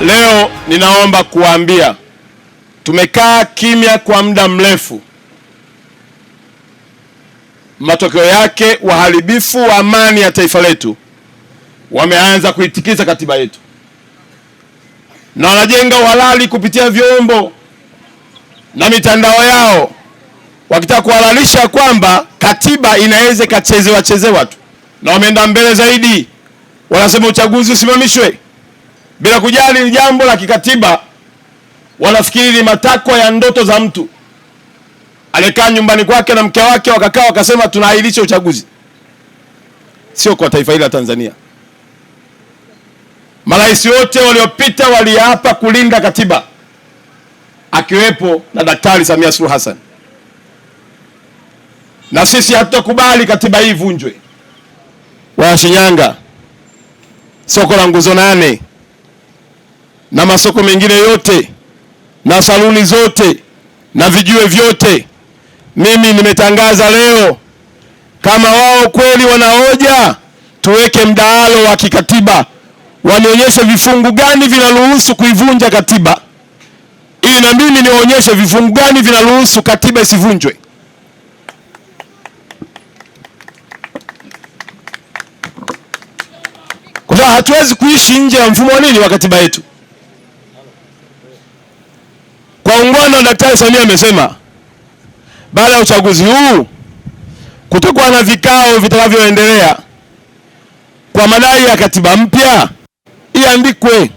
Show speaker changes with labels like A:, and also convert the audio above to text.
A: Leo ninaomba kuwaambia, tumekaa kimya kwa muda mrefu. Matokeo yake waharibifu wa amani ya taifa letu wameanza kuitikisa katiba yetu na wanajenga uhalali kupitia vyombo na mitandao yao, wakitaka kuhalalisha kwamba katiba inaweza ikachezewa chezewa tu, na wameenda mbele zaidi, wanasema uchaguzi usimamishwe bila kujali ni jambo la kikatiba, wanafikiri ni matakwa ya ndoto za mtu aliyekaa nyumbani kwake na mke wake, wakakaa wakasema tunaahirisha uchaguzi. Sio kwa taifa hili la Tanzania. Marais wote waliopita waliapa kulinda katiba, akiwepo na Daktari Samia Suluhu Hassan, na sisi hatutakubali katiba hii ivunjwe. shinyanga soko la nguzo nane na masoko mengine yote na saluni zote na vijue vyote. Mimi nimetangaza leo, kama wao kweli wanaoja tuweke mdahalo wa kikatiba, wanionyeshe vifungu gani vinaruhusu kuivunja katiba ili na mimi niwaonyeshe vifungu gani vinaruhusu katiba isivunjwe. Kwa hatuwezi kuishi nje ya mfumo wa nini wa katiba yetu. Mfano, Daktari Samia amesema baada ya uchaguzi huu kutakuwa na vikao vitakavyoendelea kwa madai ya katiba mpya iandikwe.